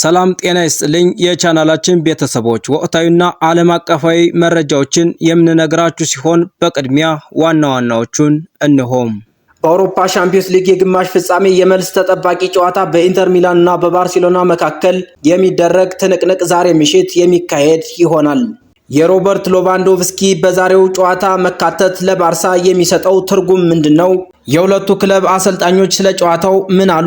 ሰላም ጤና ይስጥልኝ የቻናላችን ቤተሰቦች፣ ወቅታዊና ዓለም አቀፋዊ መረጃዎችን የምንነግራችሁ ሲሆን በቅድሚያ ዋና ዋናዎቹን እንሆም። በአውሮፓ ሻምፒዮንስ ሊግ የግማሽ ፍጻሜ የመልስ ተጠባቂ ጨዋታ በኢንተር ሚላን እና በባርሴሎና መካከል የሚደረግ ትንቅንቅ ዛሬ ምሽት የሚካሄድ ይሆናል። የሮበርት ሎቫንዶቭስኪ በዛሬው ጨዋታ መካተት ለባርሳ የሚሰጠው ትርጉም ምንድን ነው? የሁለቱ ክለብ አሰልጣኞች ስለ ጨዋታው ምን አሉ?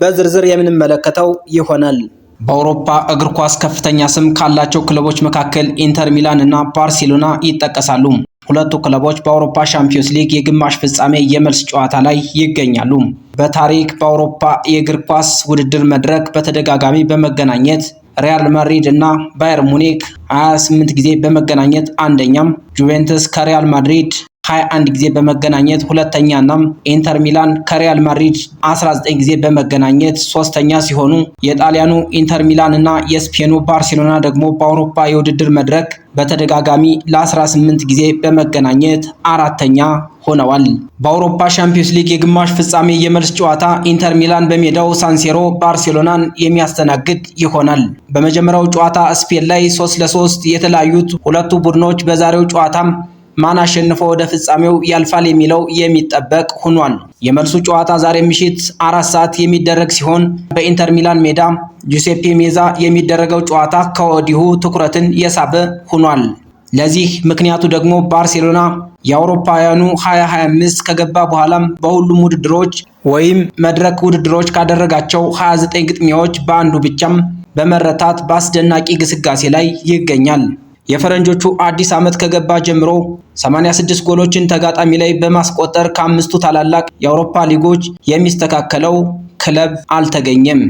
በዝርዝር የምንመለከተው ይሆናል። በአውሮፓ እግር ኳስ ከፍተኛ ስም ካላቸው ክለቦች መካከል ኢንተር ሚላን እና ባርሴሎና ይጠቀሳሉ። ሁለቱ ክለቦች በአውሮፓ ሻምፒዮንስ ሊግ የግማሽ ፍጻሜ የመልስ ጨዋታ ላይ ይገኛሉ። በታሪክ በአውሮፓ የእግር ኳስ ውድድር መድረክ በተደጋጋሚ በመገናኘት ሪያል ማድሪድ እና ባየር ሙኒክ 28 ጊዜ በመገናኘት አንደኛም፣ ጁቬንትስ ከሪያል ማድሪድ 21 ጊዜ በመገናኘት ሁለተኛና ኢንተር ሚላን ከሪያል ማድሪድ 19 ጊዜ በመገናኘት ሶስተኛ ሲሆኑ የጣሊያኑ ኢንተር ሚላን እና የስፔኑ ባርሴሎና ደግሞ በአውሮፓ የውድድር መድረክ በተደጋጋሚ ለ18 ጊዜ በመገናኘት አራተኛ ሆነዋል። በአውሮፓ ሻምፒዮንስ ሊግ የግማሽ ፍጻሜ የመልስ ጨዋታ ኢንተር ሚላን በሜዳው ሳንሴሮ ባርሴሎናን የሚያስተናግድ ይሆናል። በመጀመሪያው ጨዋታ ስፔን ላይ 3 ለሶስት የተለያዩት ሁለቱ ቡድኖች በዛሬው ጨዋታም ማን አሸንፎ ወደ ፍጻሜው ያልፋል የሚለው የሚጠበቅ ሆኗል። የመልሱ ጨዋታ ዛሬ ምሽት አራት ሰዓት የሚደረግ ሲሆን በኢንተር ሚላን ሜዳ ጁሴፔ ሜዛ የሚደረገው ጨዋታ ከወዲሁ ትኩረትን የሳበ ሆኗል። ለዚህ ምክንያቱ ደግሞ ባርሴሎና የአውሮፓውያኑ 2025 ከገባ በኋላም በሁሉም ውድድሮች ወይም መድረክ ውድድሮች ካደረጋቸው 29 ግጥሚያዎች በአንዱ ብቻም በመረታት በአስደናቂ ግስጋሴ ላይ ይገኛል። የፈረንጆቹ አዲስ ዓመት ከገባ ጀምሮ 86 ጎሎችን ተጋጣሚ ላይ በማስቆጠር ከአምስቱ ታላላቅ የአውሮፓ ሊጎች የሚስተካከለው ክለብ አልተገኘም።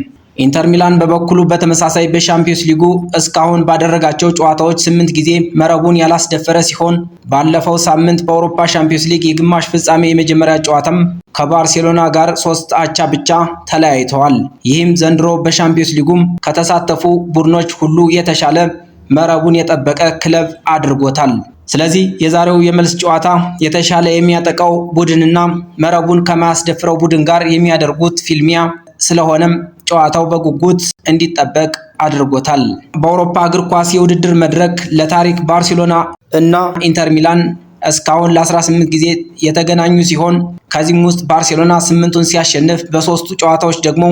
ኢንተር ሚላን በበኩሉ በተመሳሳይ በሻምፒዮንስ ሊጉ እስካሁን ባደረጋቸው ጨዋታዎች ስምንት ጊዜ መረቡን ያላስደፈረ ሲሆን ባለፈው ሳምንት በአውሮፓ ሻምፒዮንስ ሊግ የግማሽ ፍጻሜ የመጀመሪያ ጨዋታም ከባርሴሎና ጋር ሶስት አቻ ብቻ ተለያይተዋል። ይህም ዘንድሮ በሻምፒዮንስ ሊጉም ከተሳተፉ ቡድኖች ሁሉ የተሻለ መረቡን የጠበቀ ክለብ አድርጎታል። ስለዚህ የዛሬው የመልስ ጨዋታ የተሻለ የሚያጠቃው ቡድንና መረቡን ከማያስደፍረው ቡድን ጋር የሚያደርጉት ፊልሚያ ስለሆነም ጨዋታው በጉጉት እንዲጠበቅ አድርጎታል። በአውሮፓ እግር ኳስ የውድድር መድረክ ለታሪክ ባርሴሎና እና ኢንተር ሚላን እስካሁን ለ18 ጊዜ የተገናኙ ሲሆን ከዚህም ውስጥ ባርሴሎና ስምንቱን ሲያሸንፍ በሶስቱ ጨዋታዎች ደግሞ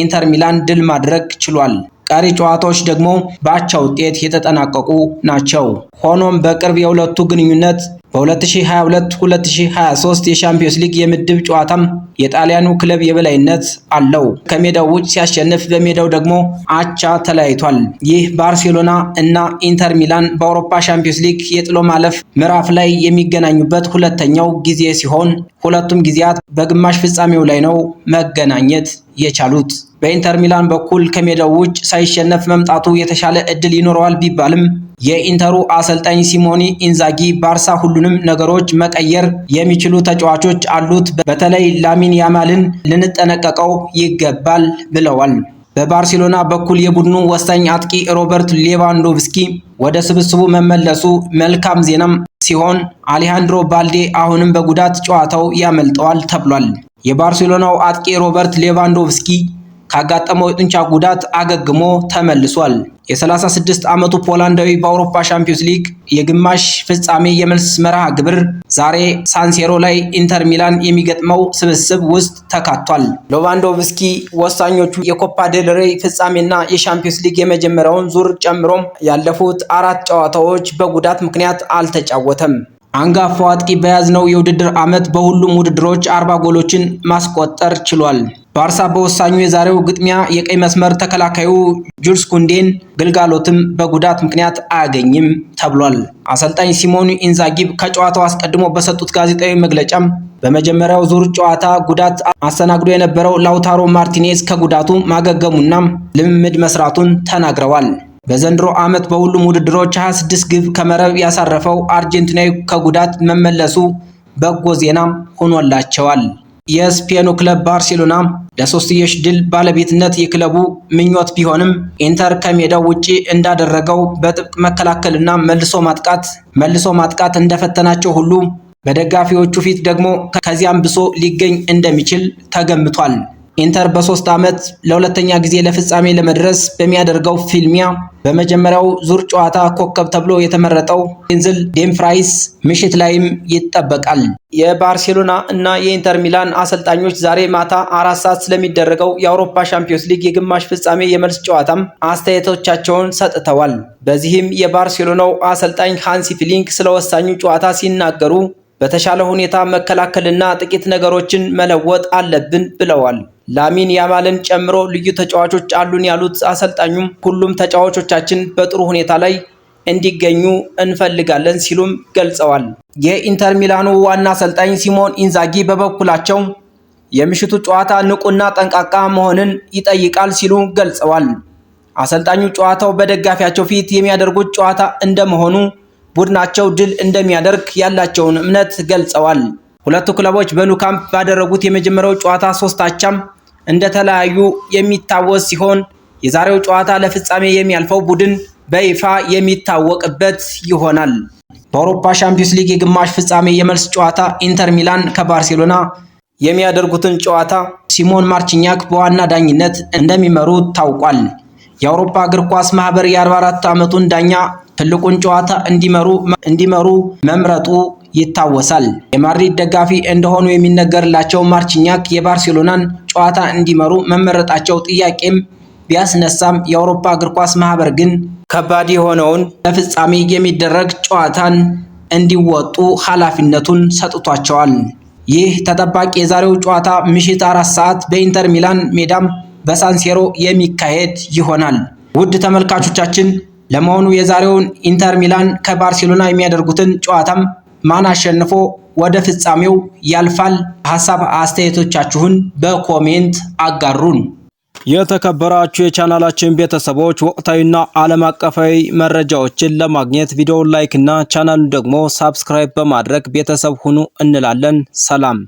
ኢንተር ሚላን ድል ማድረግ ችሏል። ቀሪ ጨዋታዎች ደግሞ በአቻ ውጤት የተጠናቀቁ ናቸው። ሆኖም በቅርብ የሁለቱ ግንኙነት በ2022-2023 የሻምፒዮንስ ሊግ የምድብ ጨዋታም የጣሊያኑ ክለብ የበላይነት አለው። ከሜዳው ውጭ ሲያሸንፍ፣ በሜዳው ደግሞ አቻ ተለያይቷል። ይህ ባርሴሎና እና ኢንተር ሚላን በአውሮፓ ሻምፒዮንስ ሊግ የጥሎ ማለፍ ምዕራፍ ላይ የሚገናኙበት ሁለተኛው ጊዜ ሲሆን ሁለቱም ጊዜያት በግማሽ ፍጻሜው ላይ ነው መገናኘት የቻሉት። በኢንተር ሚላን በኩል ከሜዳው ውጭ ሳይሸነፍ መምጣቱ የተሻለ እድል ይኖረዋል ቢባልም የኢንተሩ አሰልጣኝ ሲሞኒ ኢንዛጊ ባርሳ ሁሉንም ነገሮች መቀየር የሚችሉ ተጫዋቾች አሉት፣ በተለይ ላሚን ያማልን ልንጠነቀቀው ይገባል ብለዋል። በባርሴሎና በኩል የቡድኑ ወሳኝ አጥቂ ሮበርት ሌቫንዶቭስኪ ወደ ስብስቡ መመለሱ መልካም ዜናም ሲሆን አሊሃንድሮ ባልዴ አሁንም በጉዳት ጨዋታው ያመልጠዋል ተብሏል። የባርሴሎናው አጥቂ ሮበርት ሌቫንዶቭስኪ ካጋጠመው የጡንቻ ጉዳት አገግሞ ተመልሷል። የ36 ዓመቱ ፖላንዳዊ በአውሮፓ ሻምፒዮንስ ሊግ የግማሽ ፍጻሜ የመልስ መርሃ ግብር ዛሬ ሳንሴሮ ላይ ኢንተር ሚላን የሚገጥመው ስብስብ ውስጥ ተካቷል። ሎቫንዶቭስኪ ወሳኞቹ የኮፓ ዴልሬ ፍጻሜና የሻምፒዮንስ ሊግ የመጀመሪያውን ዙር ጨምሮም ያለፉት አራት ጨዋታዎች በጉዳት ምክንያት አልተጫወተም። አንጋፋው አጥቂ በያዝነው የውድድር ዓመት በሁሉም ውድድሮች አርባ ጎሎችን ማስቆጠር ችሏል። ባርሳ በወሳኙ የዛሬው ግጥሚያ የቀይ መስመር ተከላካዩ ጁልስ ኩንዴን ግልጋሎትም በጉዳት ምክንያት አያገኝም ተብሏል። አሰልጣኝ ሲሞን ኢንዛጊብ ከጨዋታው አስቀድሞ በሰጡት ጋዜጣዊ መግለጫም በመጀመሪያው ዙር ጨዋታ ጉዳት አስተናግዶ የነበረው ላውታሮ ማርቲኔዝ ከጉዳቱ ማገገሙና ልምምድ መስራቱን ተናግረዋል። በዘንድሮ ዓመት በሁሉም ውድድሮች 26 ግብ ከመረብ ያሳረፈው አርጀንቲናዊ ከጉዳት መመለሱ በጎ ዜና ሆኖላቸዋል። የስፔኑ ክለብ ባርሴሎና ለሶስትዮሽ ድል ባለቤትነት የክለቡ ምኞት ቢሆንም ኢንተር ከሜዳው ውጪ እንዳደረገው በጥብቅ መከላከልና መልሶ ማጥቃት መልሶ ማጥቃት እንደፈተናቸው ሁሉ በደጋፊዎቹ ፊት ደግሞ ከዚያም ብሶ ሊገኝ እንደሚችል ተገምቷል። ኢንተር በሶስት ዓመት ለሁለተኛ ጊዜ ለፍጻሜ ለመድረስ በሚያደርገው ፊልሚያ በመጀመሪያው ዙር ጨዋታ ኮከብ ተብሎ የተመረጠው ዴንዝል ዴምፍራይስ ምሽት ላይም ይጠበቃል። የባርሴሎና እና የኢንተር ሚላን አሰልጣኞች ዛሬ ማታ አራት ሰዓት ስለሚደረገው የአውሮፓ ሻምፒዮንስ ሊግ የግማሽ ፍጻሜ የመልስ ጨዋታም አስተያየቶቻቸውን ሰጥተዋል። በዚህም የባርሴሎናው አሰልጣኝ ሃንሲ ፊሊንክ ስለ ወሳኙ ጨዋታ ሲናገሩ በተሻለ ሁኔታ መከላከልና ጥቂት ነገሮችን መለወጥ አለብን ብለዋል። ላሚን ያማልን ጨምሮ ልዩ ተጫዋቾች አሉን ያሉት አሰልጣኙም ሁሉም ተጫዋቾቻችን በጥሩ ሁኔታ ላይ እንዲገኙ እንፈልጋለን ሲሉም ገልጸዋል። የኢንተር ሚላኑ ዋና አሰልጣኝ ሲሞን ኢንዛጊ በበኩላቸው የምሽቱ ጨዋታ ንቁና ጠንቃቃ መሆንን ይጠይቃል ሲሉ ገልጸዋል። አሰልጣኙ ጨዋታው በደጋፊያቸው ፊት የሚያደርጉት ጨዋታ እንደመሆኑ ቡድናቸው ድል እንደሚያደርግ ያላቸውን እምነት ገልጸዋል። ሁለቱ ክለቦች በኑ ካምፕ ባደረጉት የመጀመሪያው ጨዋታ ሶስት አቻም እንደተለያዩ የሚታወስ ሲሆን የዛሬው ጨዋታ ለፍጻሜ የሚያልፈው ቡድን በይፋ የሚታወቅበት ይሆናል። በአውሮፓ ሻምፒዮንስ ሊግ የግማሽ ፍጻሜ የመልስ ጨዋታ ኢንተር ሚላን ከባርሴሎና የሚያደርጉትን ጨዋታ ሲሞን ማርቺኛክ በዋና ዳኝነት እንደሚመሩ ታውቋል። የአውሮፓ እግር ኳስ ማህበር የ44 ዓመቱን ዳኛ ትልቁን ጨዋታ እንዲመሩ መምረጡ ይታወሳል። የማድሪድ ደጋፊ እንደሆኑ የሚነገርላቸው ማርቺኛክ የባርሴሎናን ጨዋታ እንዲመሩ መመረጣቸው ጥያቄም ቢያስነሳም የአውሮፓ እግር ኳስ ማህበር ግን ከባድ የሆነውን ለፍጻሜ የሚደረግ ጨዋታን እንዲወጡ ኃላፊነቱን ሰጥቷቸዋል። ይህ ተጠባቂ የዛሬው ጨዋታ ምሽት አራት ሰዓት በኢንተር ሚላን ሜዳም በሳንሴሮ የሚካሄድ ይሆናል። ውድ ተመልካቾቻችን ለመሆኑ የዛሬውን ኢንተር ሚላን ከባርሴሎና የሚያደርጉትን ጨዋታም ማን አሸንፎ ወደ ፍጻሜው ያልፋል? ሀሳብ አስተያየቶቻችሁን በኮሜንት አጋሩን። የተከበራችሁ የቻናላችን ቤተሰቦች ወቅታዊና ዓለም አቀፋዊ መረጃዎችን ለማግኘት ቪዲዮውን ላይክ እና ቻናሉን ደግሞ ሳብስክራይብ በማድረግ ቤተሰብ ሁኑ እንላለን። ሰላም